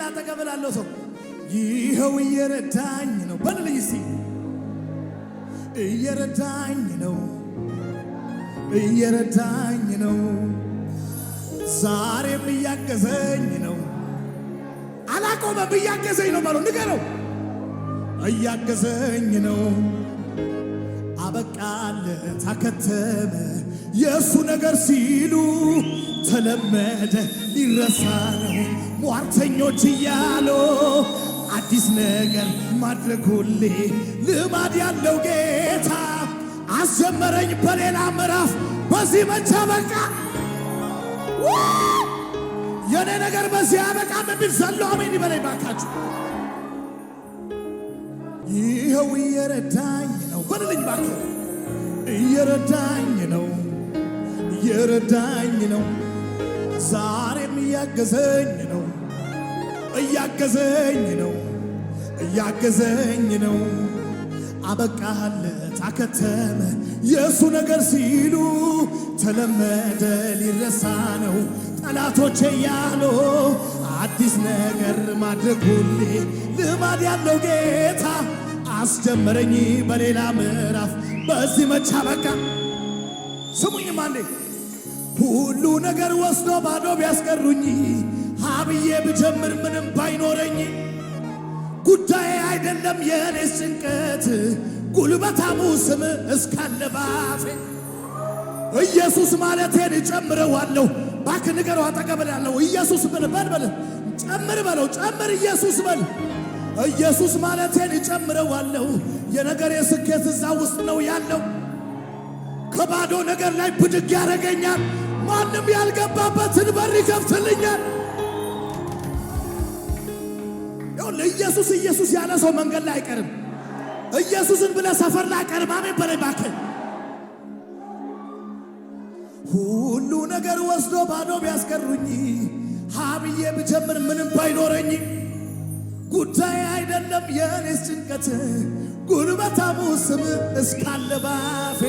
እናንተ ገበላለሁ ሰው ይኸው እየረዳኝ ነው በልልኝ እስቲ እየረዳኝ ነው እየረዳኝ ነው ዛሬም እያገዘኝ ነው አላቆመም እያገዘኝ ነው ማለት ንገረው እያገዘኝ ነው አበቃለት አከተመ የእሱ ነገር ሲሉ ተለመደ ሊረሳ ነው ሟርተኞች እያሉ አዲስ ነገር ማድረግ ሁሌ ልማድ ያለው ጌታ አስጀመረኝ በሌላ ምዕራፍ በዚህ መቼ በቃ የኔ ነገር በዚህ አበቃ በሚል ዘሎ አሜን ይበለኝ ባካችሁ። ይኸው እየረዳኝ ነው በልልኝ ባክ እየረዳኝ ነው እየረዳኝ ነው ዛሬም እያገዘኝ እያገዘኝ ነው እያገዘኝ ነው አበቃለት አከተመ የእሱ ነገር ሲሉ ተለመደ ሊረሳ ነው ጠላቶች ያሉ አዲስ ነገር ማድረግ ልማድ ያለው ጌታ አስጀመረኝ በሌላ ምዕራፍ በዚህ መቻ በቃ ስሙኝም አንዴ ሁሉ ነገር ወስዶ ባዶ ቢያስቀሩኝ አብዬ ብጀምር ምንም ባይኖረኝ ጉዳይ አይደለም የእኔ ጭንቀት ጉልበታሙ ስም እስካለ ባፌ ኢየሱስ ማለቴን ጨምረዋለሁ። እባክህ ንገረው አጠገብ ያለው ኢየሱስ በል በል በል ጨምር በለው ጨምር ኢየሱስ በል ኢየሱስ ማለቴን ጨምረዋለሁ። የነገሬ ስኬት እዛ ውስጥ ነው ያለው። ከባዶ ነገር ላይ ብድግ ያደረገኛል። ማንም ያልገባበትን በር ይከፍትልኛል። ኢየሱስ ኢየሱስ ያለ ሰው መንገድ ላይ አይቀርም። ኢየሱስን ብለ ሰፈር ላይ ቀርማሜ በላይ እባክህ ሁሉ ነገር ወስዶ ባዶ ቢያስቀሩኝ ሀብዬ ብጀምር ምንም ባይኖረኝ ጉዳይ አይደለም የእኔስ ጭንቀት ጉልበታሙ ስም እስካለ ባፌ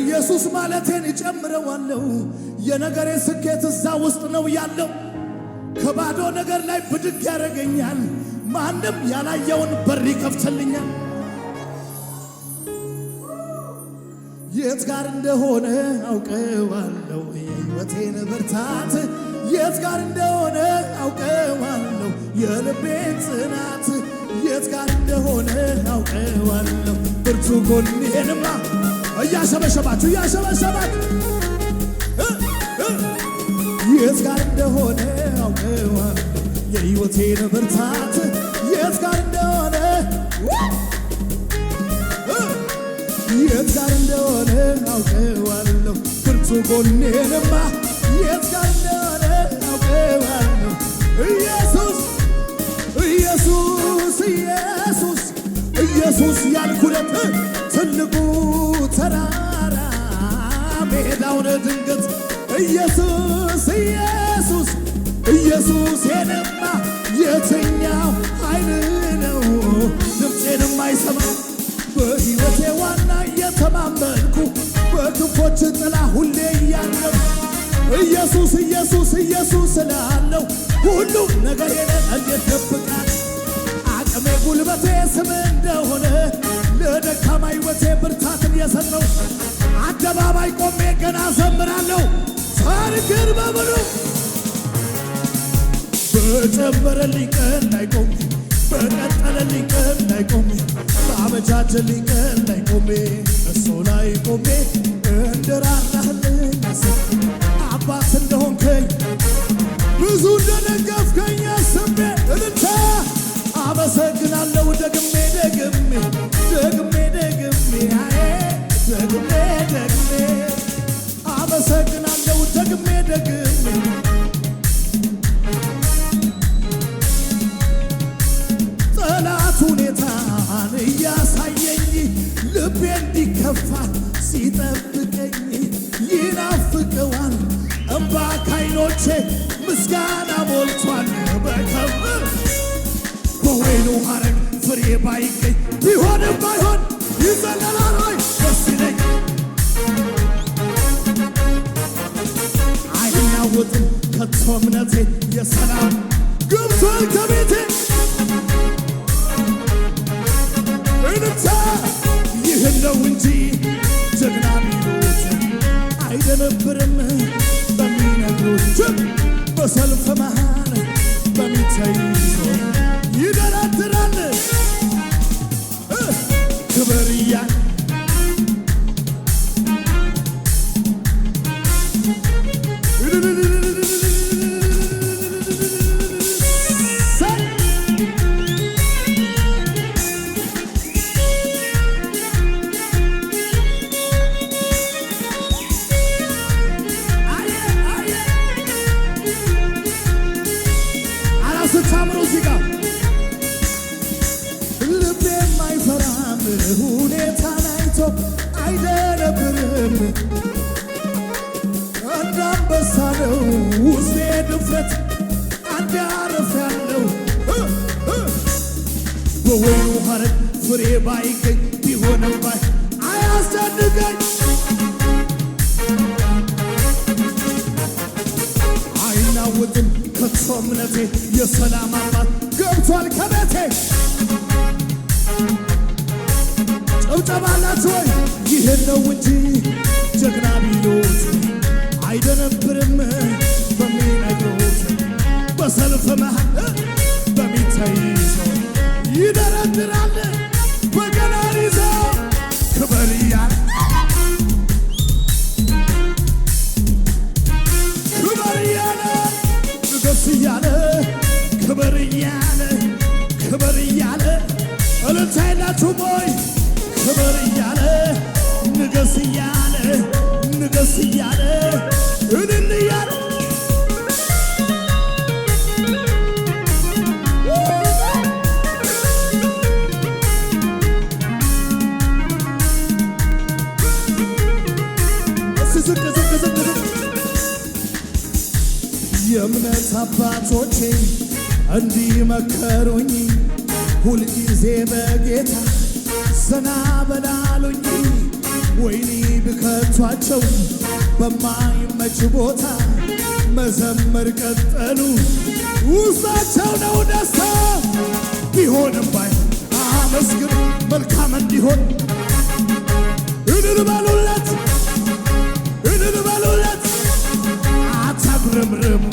ኢየሱስ ማለቴን ይጨምረዋለሁ የነገሬ ስኬት እዛ ውስጥ ነው ያለው። ከባዶ ነገር ላይ ብድግ ያደረገኛል። ማንም ያላየውን በር ይከፍትልኛል። የት ጋር እንደሆነ አውቀዋለሁ። የሕይወቴን ብርታት የት ጋር እንደሆነ አውቀዋለሁ። የልቤን ጽናት የት ጋር እንደሆነ አውቀዋለሁ። ብርቱ ጎኔንማ እያሸበሸባችሁ እያሸበሸባችሁ የት ጋር እንደሆነ አውቀዋል የሕይወቴን ብርታት የት ጋር እንደሆነ የት ጋር እንደሆነ አውቀዋለሁ ብርቱ ጎኔንማ የት ጋር እንደሆነ አውቀዋለሁ ኢየሱስ ኢየሱስ ኢየሱስ ኢየሱስ ያልኩለት ትልቁ ተራራ ሜዳውን ድንገት ኢየሱስ ኢየሱስ ኢየሱስ የነማ የትኛው ኃይል ነው ድምፄንም አይሰማም በሕይወቴ ዋና የተማመንኩ በክንፎች ጥላ ሁሌ እያለው ኢየሱስ ኢየሱስ ኢየሱስ ስላለው ሁሉም ነገር እንዴት የደብቃል አቅሜ ጉልበቴ ስም እንደሆነ ለደካማ ሕይወቴ ብርታትን የሰጠው አደባባይ ቆሜ ገና ዘምራለሁ ታሪክን በሙሉ በጨመረልኝ ቀን ላይ ቆሜ በቀጠለልኝ ቀን ላይ ቆሜ በአመቻቸልኝ ቀን ላይ ቆሜ እሱ ላይ ቆሜ እንደራራህልኝ አባት እንደሆንከኝ ብዙ እንደደገፍከኝ አስቤ እልልታ አመሰግናለሁ ደግሜ ደግሜ ደግሜ ሞልቼ ምስጋና ሞልቷል በከብር በወይኑ ሐረግ ፍሬ ባይገኝ ቢሆንም ባይሆን ይዘለላል ሆይ ደስ ይለኝ አይናወጥም ከቶ እምነቴ የሰላም for my ባይገኝ ቢሆንም ባይ አያስደንቀኝ አይናወጥም ከቶ እምነቴ የሰላም አባት ገብቷል ከቤቴ ጭብጨባ አላችሁ ወይ? ይህን ነው እንጂ ጀግና ቢሉት አይደነብርም በሚነግሩት በሰልፍ መሃል እያለ ንገስ እያለ እልል እያለ የእምነት አባቶቼ እንዲመከሩኝ ሁልጊዜ በጌታ ዘና በላሉኝ ወይኔ ናቸው በማይመች ቦታ መዘመር ቀጠሉ። ውስጣቸው ነው ደስታ ቢሆንም ባይ አመስግን መልካም እንዲሆን እልል በሉለት፣ እልል በሉለት አታጉረምርሙ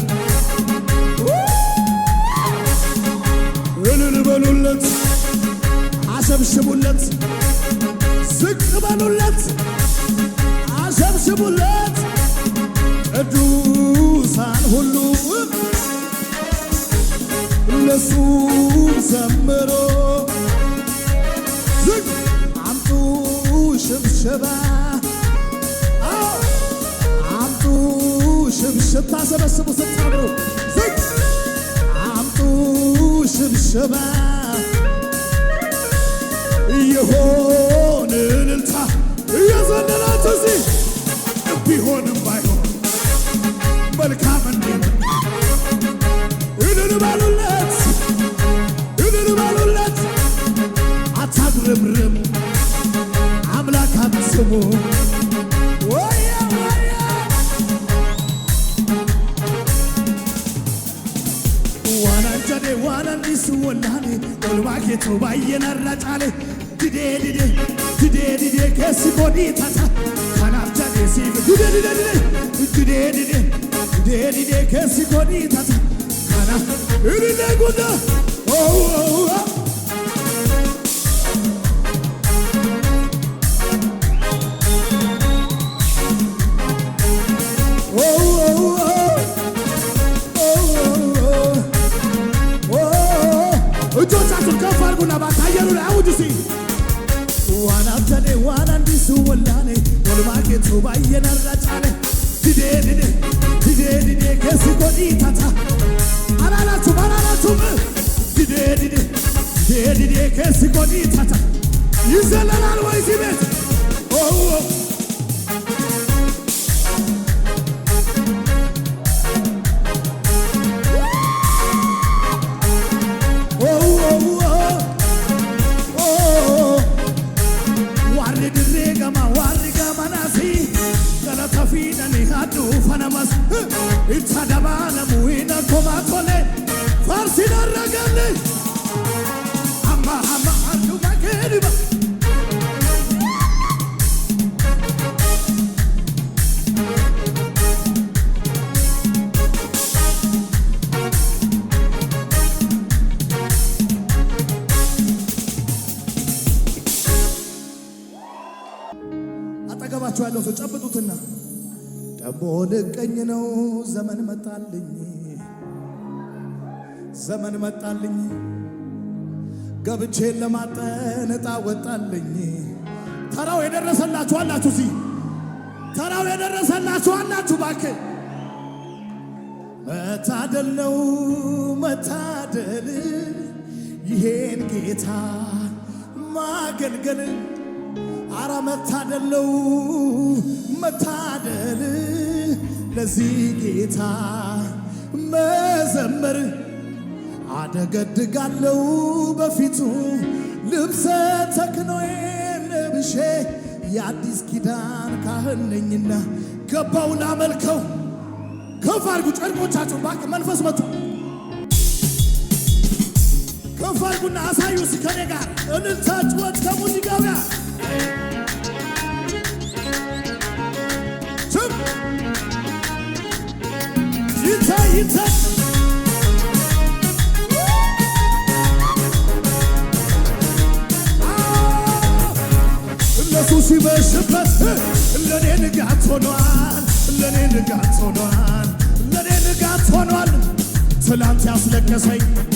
እልል በሉለት አሸብሽቡለት ዝቅ በሉለት ያቀረቡለት ቅዱሳን ሁሉ ለሱ ዘምሮ አምጡ ሽብሽባ አምጡ ሽብሽባ ሰበስቡ ስታብሩ አምጡ ሽብሽባ የሆን እልልታ እየዘለላት እዚህ ቢሆንም ባይሆን መልካም እንዴት በሉለት፣ እልል በሉለት። አታጉረምርሙ አምላክ አትስሙ ወላኔ ኦልማኬቶ ባየናራጫሌ ድዴ ድዴ ድዴ ድዴ ኬሲ ቦዲ Kesip düde düde düde Düde düde Düde koni tata Kana Ürüne guda Oh oh oh እጆቻችሁን ከፍ አድርጉና ባታየሩ ላይ አውጁ ሲ ዋናተኔ ዋና እንዲሱ ወላኔ Situ baay'een irra caale didee didee didee didee keessi godhii tata araaratum araaratum didee didee didee didee keessi godhii tata ይዘለላል ወይ እዚህ ቤት itsadabanamuina komatone farsidaragane amahama andugakediba አጠገባቸው ያለው ሰው ጨብጡትና ደግሞ ልቀኝ ነው ዘመን መጣልኝ፣ ዘመን መጣልኝ፣ ገብቼን ለማጠን ዕጣ ወጣልኝ። ተራው የደረሰላችሁ አላችሁ፣ እዚህ ተራው የደረሰላችሁ አላችሁ። ባክ መታደል ነው መታደል ይሄን ጌታ ማገልገል። አረ መታደል ነው መታደል ለዚህ ጌታ መዘመር አደገድጋለው በፊቱ ልብሰ ተክኖዬን ለብሼ የአዲስ ኪዳን ካህን ነኝና ገባው ላመልከው። ከፍ አድርጉ ጨርቆቻችሁን ባክ መንፈስ መጡ። ከፍ አድርጉና አሳዩ። ከኔ ጋር እንልታጭወት ከሙዚቃው ጋር That's it.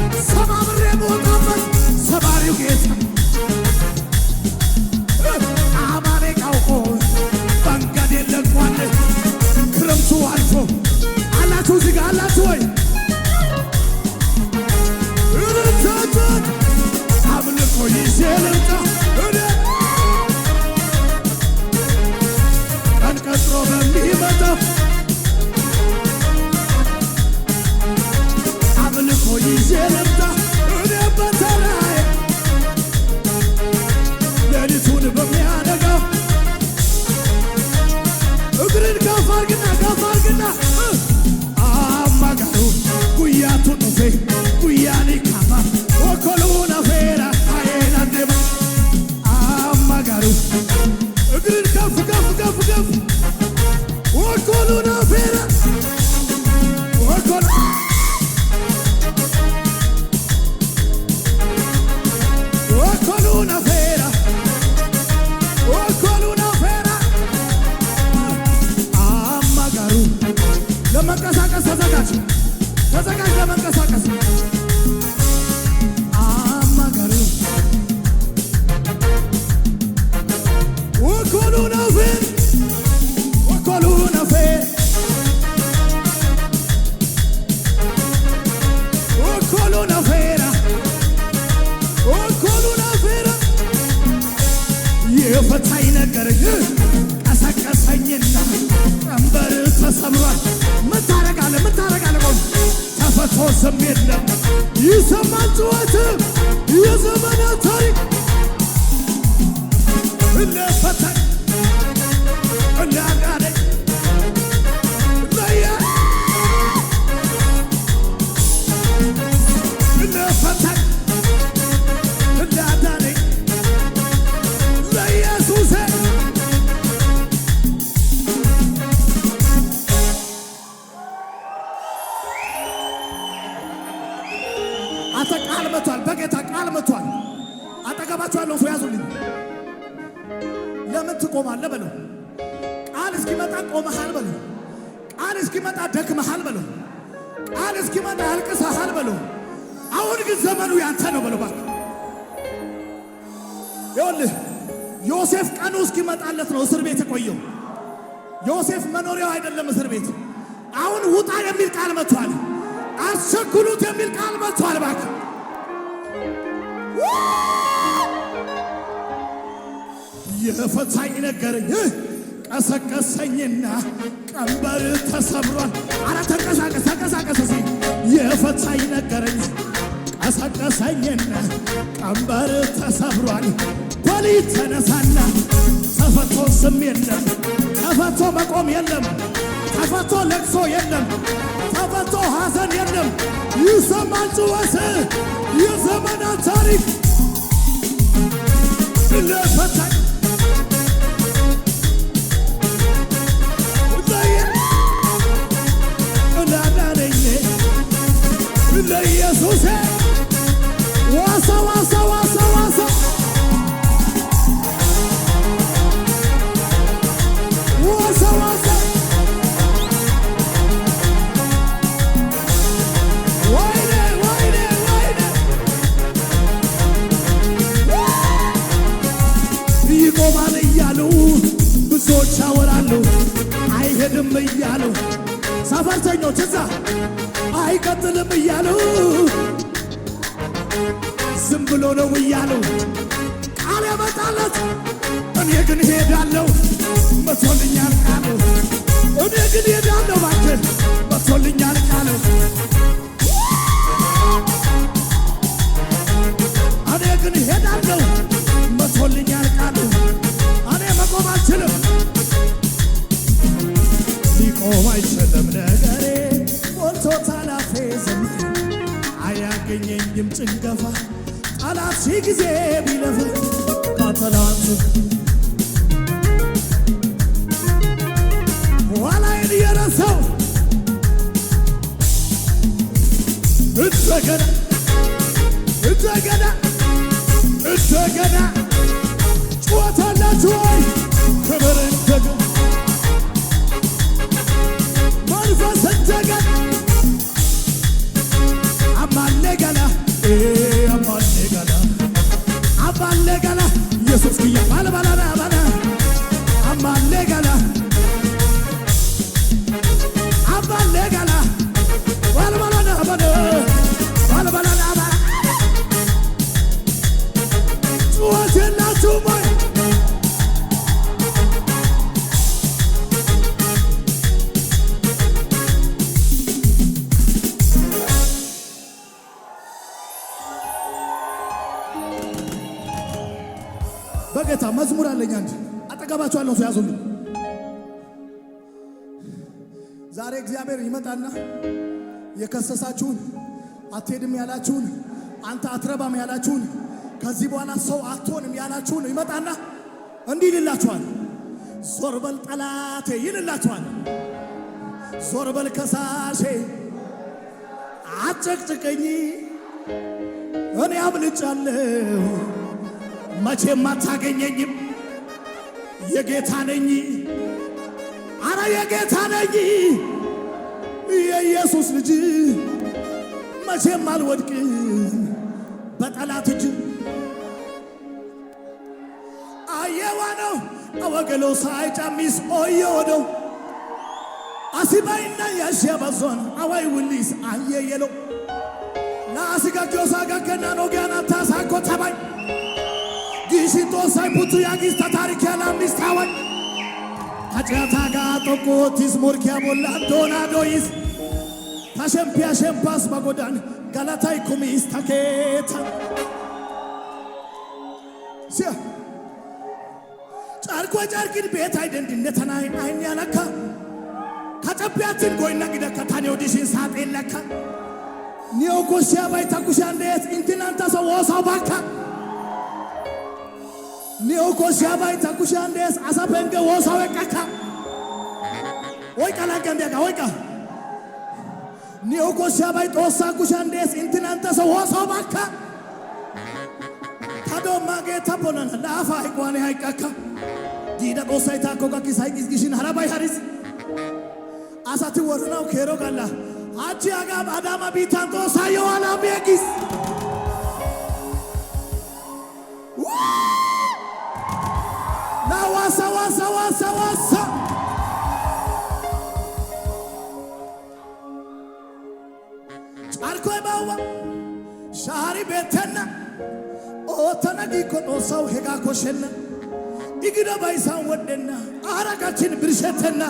Sabrım should የሚያሰም የለም። ይሰማል ጩኸት የዘመናት ታሪክ ደክመሃል በለው። ቃል እስኪመጣ አልቅሰሃል በለው። አሁን ግን ዘመኑ ያንተ ነው በለው። እባክህ ይኸውልህ ዮሴፍ ቀኑ እስኪመጣለት ነው እስር ቤት የቆየው። ዮሴፍ መኖሪያው አይደለም እስር ቤት። አሁን ውጣ የሚል ቃል መጥቷል። አስቸኩሉት የሚል ቃል መጥቷል። እባክህ የፈታኝ ነገረኝ ቀሰቀሰኝና ቀንበር ተሰብሯል። አረ ተንቀሳቀስ ተንቀሳቀስ ሲ የፈታኝ ነገረኝ። ቀሰቀሰኝና ቀንበር ተሰብሯል። በል ተነሳና ተፈቶ ስም የለም፣ ተፈቶ መቆም የለም፣ ተፈቶ ለቅሶ የለም፣ ተፈቶ ሐዘን የለም። ይሰማል ጩኸት የዘመናት ታሪክ ለኢየሱስ ዋሳ ዋሳ ዋሳ ዋሳ ዋሳ ዋሳ ይቆማል እያሉ ብዙዎች አወራሉ አይሄድም እያሉ ሰፈርተኞች እዛ አይቀጥልም እያሉ ዝም ብሎ ነው እያሉ ቃል ያመጣለት እኔ ግን ሄዳለሁ መቶልኛል ቃሉ እኔ ግን ሄዳለሁ ባችን መቶልኛል ቃሉ እኔ ግን ሄዳለሁ መቶልኛል ቃሉ እኔ መቆም አልችልም ሊቆም አይችልም ነገሬ ሞልቶታ ያገኘኝ ድምፅ እንገፋ ጠላት ሺህ ጊዜ ቢለፈ ካተላንቱ ኋላዬን እየረሳው እንደገና እንደገና እንደገና ጩኸታላችሁ ወይ ክብር እግዚአብሔር ይመጣና የከሰሳችሁን አትሄድም ያላችሁን አንተ አትረባም ያላችሁን ከዚህ በኋላ ሰው አትሆንም ያላችሁን ይመጣና እንዲህ ይልላችኋል፣ ዞር በል ጠላቴ ይልላችኋል። ዞር በል ከሳሼ አጨቅጭቀኝ፣ እኔ አብልጫለሁ፣ መቼም አታገኘኝም፣ የጌታ ነኝ፣ አረ የጌታ ነኝ የኢየሱስ ልጅ መቼም አልወድቅ በጠላት እጅ አየዋነው አወገሎ ሳይጫሚስ ኦየወደው አሲባይና ያሸበዞን አዋይ ውሊስ አየየለው ጋገና ኖጊያና ታሳኮ ተባይ ጊሽቶ ሳይፑቱ ጋ ቦላ ታሸምፒያሸምፓስ በጎዳን ጋላታይ ይኩሚስ ተኬታ ሲያ ጫርቆ ጫርቂን ቤት አይደንድነተና አይን ያለካ ከጨቢያችን ጎይና ግደካ ታኔ ወዲሽን ሳጤ ለካ ኒዮኮሲያ ባይታኩሲያ እንደየት እንትናንተ ሰው ወሳው ባካ ኒዮኮሲያ ባይታኩሲያ እንደየት አሳበንገ ወሳው የቀካ ወይቃ ላገንደጋ ወይቃ ኒኦጎሻባይ ጦሳ ጉሻ እንዴስ እንትናንተ ሰው ሆሶ ባካ ታዶማ ጌታ ቦናና ላፋ ይቋኔ ሃይቃካ ዲዳ ጦሳ ይታኮ ጋኪስ ሃይቂስ ጊሽን ሀራባይ ሀሪስ አሳቲ ወሩናው ኬሮ ጋላ አቺ አጋብ አዳማ ቢታን ጦሳ የዋላ ቤጊስ ላዋሳ ዋሳ ዋሳ ዋሳ ዳዋ ሻሪ ቤተነ ኦተነ ዲኮ ዶሳው ሄጋ ኮሸነ ይግደ ባይሳን ወደና አራቃችን ብርሸተና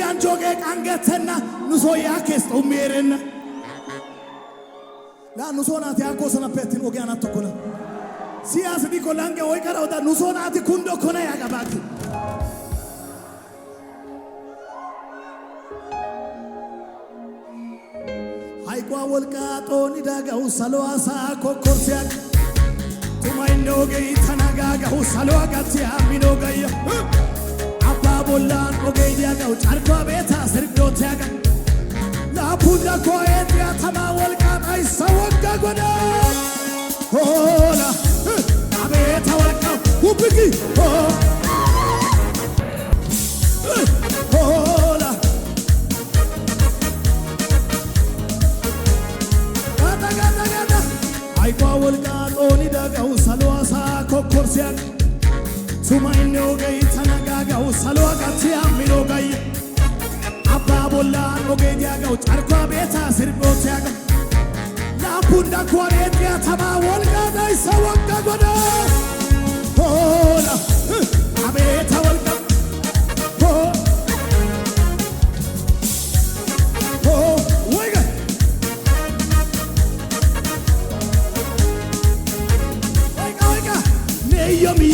ያንጆጌ ቃንገተና ንሶ ያኬስ ጦሜረነ ላ ንሶ ናት ያንኮሰነ ፔትን ኦጊያና ተኮነ ሲያስ ዲኮ ላንገ ወይ ቀራውታ ንሶ ናት ኩንዶ ኮነ ዋወልቃጦን ዳጋው ሰሎዋሳ ኮኮርሲያ ቱማይንዶገይ ተናጋጋሁ ሰሎዋጋትያ ሚኖገየ አባ ቦላን ኦገይ ዲያጋው ጫርኳ ቤታ ስርዶትያጋ ላፑዳ ኮኤድያ ተማ ወልቃጣይ ሰወጋ ጎዳ ሆላ አቤታ ወልቃው ውብጊ ፋሲካ ወልቃ ጦኒ ደቀው ሰልዋሳ ኮኮርሲያን ሱማይኔ ኦገይ ተነጋጋው ሰልዋ ቀትያ ሚኖ ገይ አባ ቦላ ኦገይ ዲያገው ጨርኳ ቤታ ስርቦት ያገው ላፑ እንዳኳሬ ጢያተማ ወልቃ ዳይሰ ወጋ ጎዳ ሆላ አቤተ ወልቃ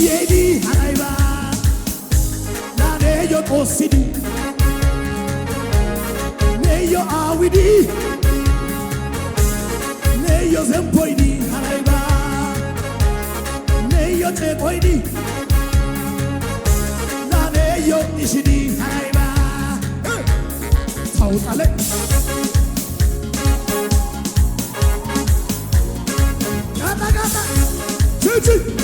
Yebi Haraiba Nane yo Kosidi Ne yo Awidi Ne yo Zempoidi Haraiba Ne yo Tekoidi Nane yo Ishidi Haraiba Tautale Gata gata Choo choo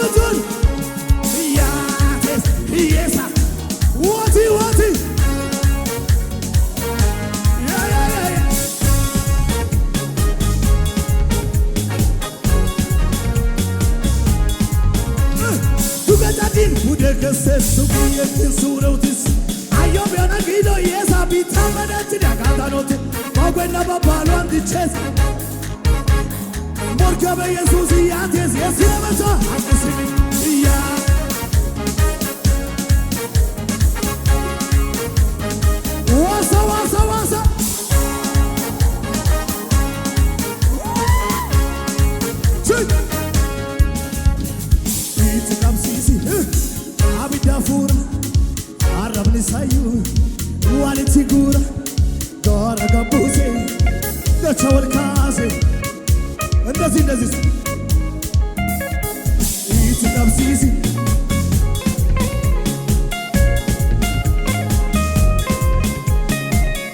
ምቱን እያቴስ እየሳ ወቲ ወቲ udegesesukiyekisuureutis ayyoobyana giido yeesa biixaamanattini akaatanotti mogwenna babbaalu andichees morkiobe yesuusi yaatees yeesi ebeso me saiu O ali Dora da buze Da chau al case Andas indas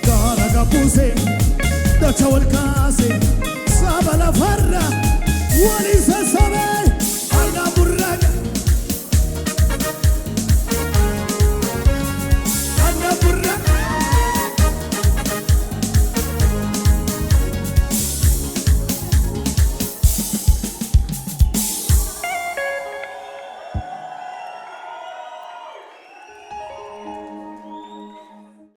Dora da buze Da chau farra O ali se